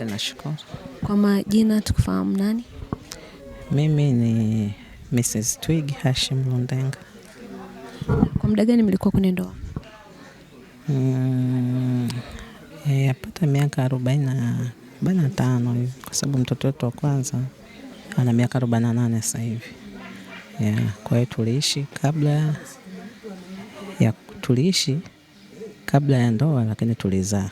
Asante, nashukuru. Kwa majina tukufahamu nani? Mimi ni Mrs. Twig Hashim Lundenga. Kwa muda gani mlikuwa kwenye ndoa? Mm, eh, yapata e, miaka arobaini na tano hivi kwa sababu mtoto wetu wa kwanza ana miaka arobaini na nane sasa hivi. Yeah, kwa hiyo tuliishi kabla ya tuliishi kabla ya ndoa lakini tulizaa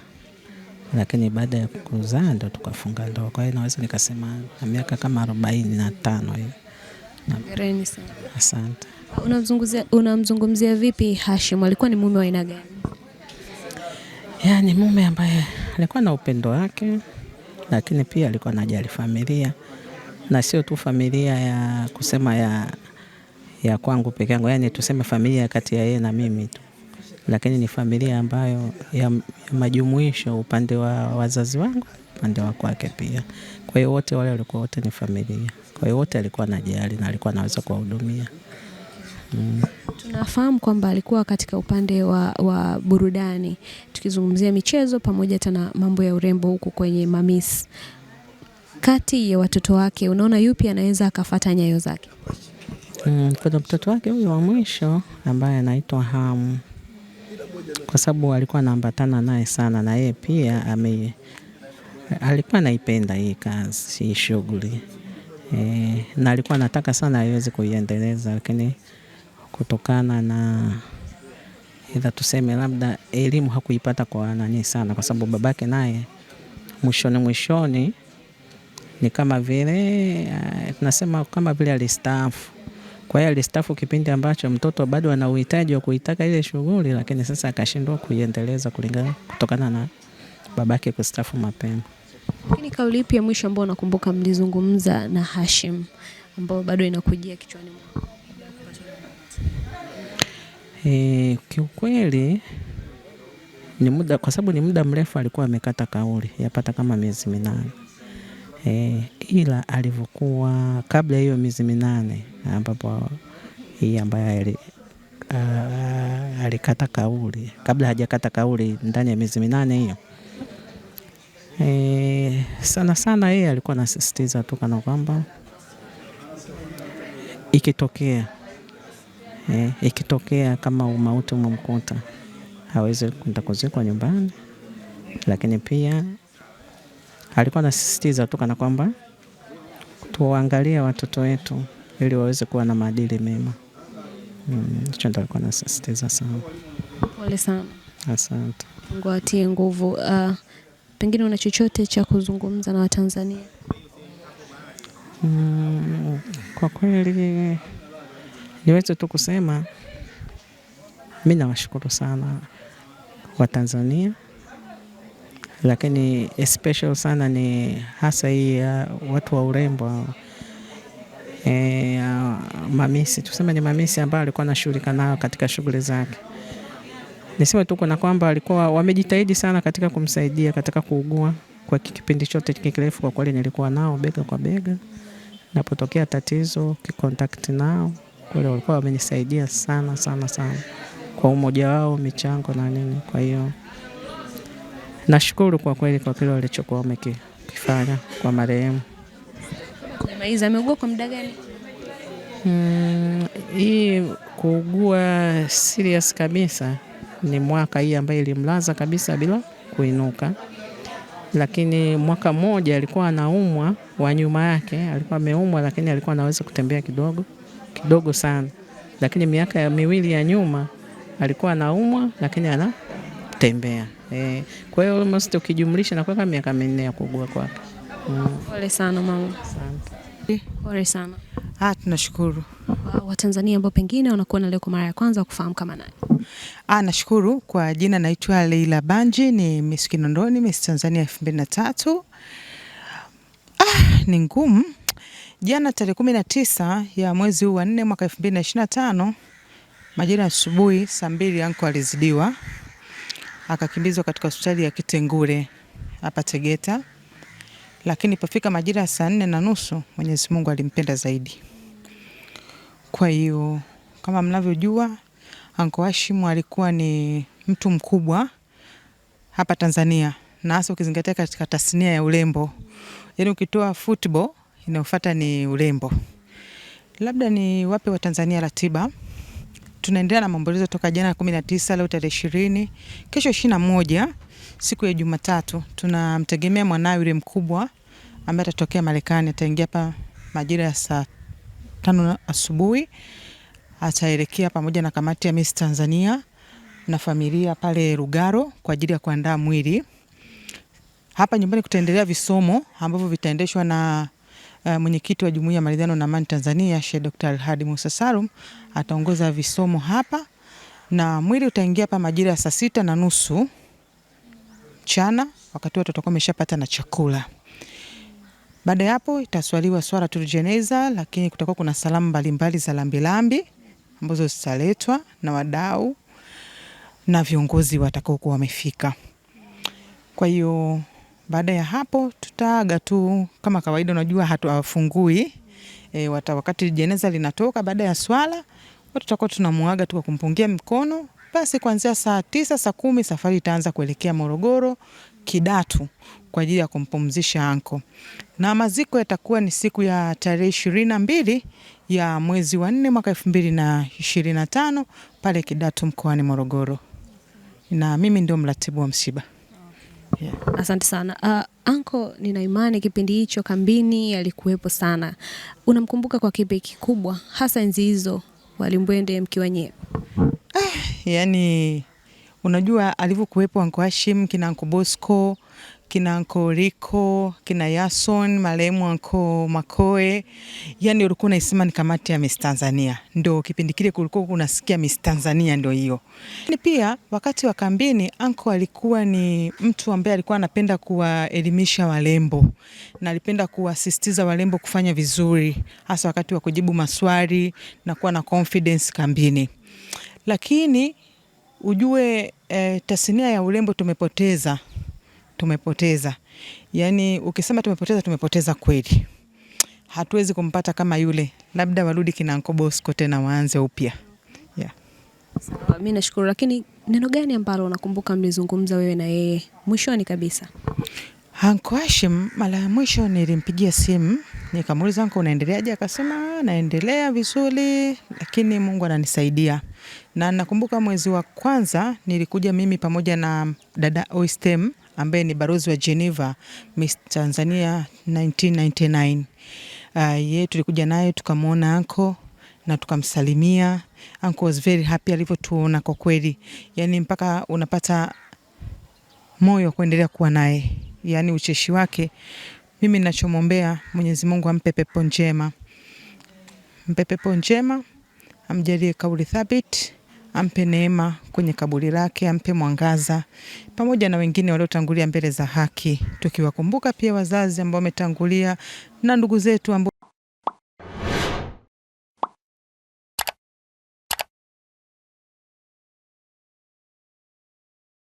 lakini baada ya kuzaa ndo tukafunga ndoa. Kwa hiyo naweza nikasema na miaka kama arobaini na tano hivi. sana. Asante. Unamzungumzia unamzungumzia vipi Hashim? Alikuwa ni mume wa aina gani? Yaani mume ambaye alikuwa na upendo wake, lakini pia alikuwa anajali familia na sio tu familia ya kusema ya ya kwangu peke yangu, yaani tuseme familia kati ya yeye na mimi tu, lakini ni familia ambayo ya majumuisho, upande wa wazazi wangu, upande wa kwake pia. Kwa hiyo wote wale walikuwa wote ni familia, kwa hiyo wote alikuwa anajali na alikuwa anaweza kuwahudumia. Mm. Tunafahamu kwamba alikuwa katika upande wa, wa burudani tukizungumzia michezo pamoja hata na mambo ya urembo huku kwenye Mamis. Kati ya watoto wake unaona yupi anaweza akafata nyayo zake? Mm, kuna mtoto wake huyo wa mwisho ambaye anaitwa Hamu kwa sababu alikuwa anaambatana naye sana, na yeye pia ame alikuwa anaipenda hii kazi, hii shughuli e, na alikuwa anataka sana aiweze kuiendeleza, lakini kutokana na idha tuseme labda elimu hakuipata kwa nani sana, kwa sababu babake naye mwishoni mwishoni ni kama vile e, tunasema kama vile alistaafu kwa hiyo alistafu kipindi ambacho mtoto bado ana uhitaji wa kuitaka ile shughuli, lakini sasa akashindwa kuiendeleza kulingana kutokana na babake kustafu mapema. Lakini kauli ipi ya mwisho ambayo nakumbuka mlizungumza na Hashim ambayo bado inakujia kichwani mwangu? E, kiukweli ni muda, kwa sababu ni muda mrefu alikuwa amekata kauli yapata kama miezi minane. E, ila alivyokuwa kabla hiyo miezi minane ambapo hii ambaye ah, alikata kauli kabla hajakata kauli ndani ya miezi minane hiyo. E, sana sana yeye alikuwa anasisitiza tu kana kwamba ikitokea e, ikitokea kama umauti umemkuta hawezi kwenda kuzikwa nyumbani, lakini pia alikuwa anasisitiza tu kana kwamba tuwaangalie watoto wetu ili waweze kuwa na maadili mema. Mm, hicho ndo alikuwa anasisitiza sana. Pole sana. Asante. Mungu atie nguvu. Uh, pengine una chochote cha kuzungumza na Watanzania? Mm, kwa kweli niweze tu kusema mi nawashukuru sana Watanzania, lakini special sana ni hasa hii uh, watu wa urembo e, mamisi tuseme ni mamisi ambaye alikuwa anashughulika nayo katika shughuli zake. Niseme tu kuna kwamba walikuwa wamejitahidi sana katika kumsaidia katika kuugua kwa kipindi chote kirefu. Kwa kweli nilikuwa nao bega kwa bega, napotokea tatizo kikontakt nao kule, walikuwa wamenisaidia sana sana sana kwa umoja wao, michango na nini. Kwa hiyo nashukuru kwa kweli kwa kile walichokuwa wamekifanya kwa marehemu. Maiza ameugua kwa muda gani? Mm, hii kuugua serious kabisa ni mwaka hii ambayo ilimlaza kabisa bila kuinuka, lakini mwaka mmoja alikuwa anaumwa wa nyuma yake, alikuwa ameumwa, lakini alikuwa anaweza kutembea kidogo kidogo sana, lakini miaka ya miwili ya nyuma alikuwa anaumwa, lakini anatembea Eh, Kwa hiyo almost ukijumlisha na kuweka miaka minne ya kuugua kwake. Pole sana mama. Asante. Pole sana. Ah, tunashukuru. Watanzania ambao pengine wanakuwa na leo kwa mara ya kwanza kufahamu kama nani? Ah, nashukuru. Kwa jina naitwa Leila Banji, ni Miss Kinondoni, Miss Tanzania 2023. Ah, ni ngumu. Jana tarehe 19 ya mwezi huu wa 4 mwaka 2025 majira asubuhi saa mbili anko alizidiwa akakimbizwa katika hospitali ya Kitengure hapa Tegeta lakini pofika majira ya saa nne na nusu Mwenyezi Mungu alimpenda zaidi. Kwa hiyo kama mnavyojua, Anko Hashim alikuwa ni mtu mkubwa hapa Tanzania, na hasa ukizingatia katika tasnia ya urembo, yaani ukitoa football inayofuata ni urembo. Labda ni wape wa Tanzania ratiba tunaendelea na maombolezo toka jana kumi na tisa leo tarehe ishirini kesho ishirini na moja siku ya Jumatatu tunamtegemea mwanawe yule mkubwa ambaye atatokea Marekani ataingia hapa majira ya saa tano asubuhi, ataelekea pamoja na kamati ya Miss Tanzania na familia pale Lugaro kwa ajili ya kuandaa mwili. Hapa nyumbani kutaendelea visomo ambavyo vitaendeshwa na uh, mwenyekiti wa Jumuiya ya Maridhiano na Amani Tanzania Sheikh Dr. Alhadi Musa Salum ataongoza visomo hapa, na mwili utaingia hapa majira ya saa sita na nusu mchana, wakati watu watakuwa wameshapata na chakula. Baada ya hapo itaswaliwa swala jeneza lakini kutakuwa kuna salamu mbalimbali za lambilambi ambazo zitaletwa na wadau na viongozi watakaokuwa wamefika. Kwa hiyo baada ya hapo tutaaga tu kama kawaida, unajua hatuwafungui e, wata wakati jeneza linatoka baada ya swala tutakuwa tunamwaga tu kwa kumpungia mkono. Basi kuanzia saa tisa saa kumi safari itaanza kuelekea Morogoro Kidatu kwa ajili ya kumpumzisha anko, na maziko yatakuwa ni siku ya tarehe ishirini na mbili ya mwezi wa nne mwaka elfu mbili na ishirini na tano pale Kidatu mkoani Morogoro, na mimi ndio mratibu wa msiba. Yeah. Asante sana uh, anko, nina imani kipindi hicho kambini alikuwepo sana. Unamkumbuka kwa kipi kikubwa hasa enzi hizo walimbwende mkiwanyewe Ah, yani unajua alivyokuwepo anko Hashim kina anko Bosco kina anko Riko, kina Yason, marehemu anko Makoe, yani ulikuwa unaisema ni kamati ya Miss Tanzania. Ndio kipindi kile kulikuwa unasikia Miss Tanzania ndio hiyo. Ni pia wakati wa kambini anko alikuwa ni mtu ambaye alikuwa anapenda kuwaelimisha walembo na alipenda kuwasisitiza walembo kufanya vizuri hasa wakati wa kujibu maswali na kuwa na confidence kambini. Lakini ujue eh, tasnia ya urembo tumepoteza tumepoteza. Yaani ukisema tumepoteza, tumepoteza kweli. Hatuwezi kumpata kama yule, labda warudi kina Nkobosko tena waanze upya. Yeah. Sawa, mimi nashukuru. Lakini neno gani ambalo unakumbuka mlizungumza wewe na yeye mwishoni kabisa? Anko Hashim mara ya mwisho nilimpigia simu nikamuuliza, anko, unaendeleaje? Akasema naendelea vizuri, lakini Mungu ananisaidia. Na nakumbuka mwezi wa kwanza nilikuja mimi pamoja na dada Oistem ambaye ni balozi wa Geneva Miss Tanzania 1999. Uh, ah, yeye tulikuja naye tukamwona anko na tukamsalimia. Anko was very happy alivyotuona kwa kweli, yani mpaka unapata moyo wa kuendelea kuwa naye, yani ucheshi wake. Mimi ninachomwombea Mwenyezi Mungu ampe pepo njema, mpe pepo njema, amjalie kauli thabiti ampe neema kwenye kaburi lake, ampe mwangaza pamoja na wengine waliotangulia mbele za haki, tukiwakumbuka pia wazazi ambao wametangulia na ndugu zetu ambao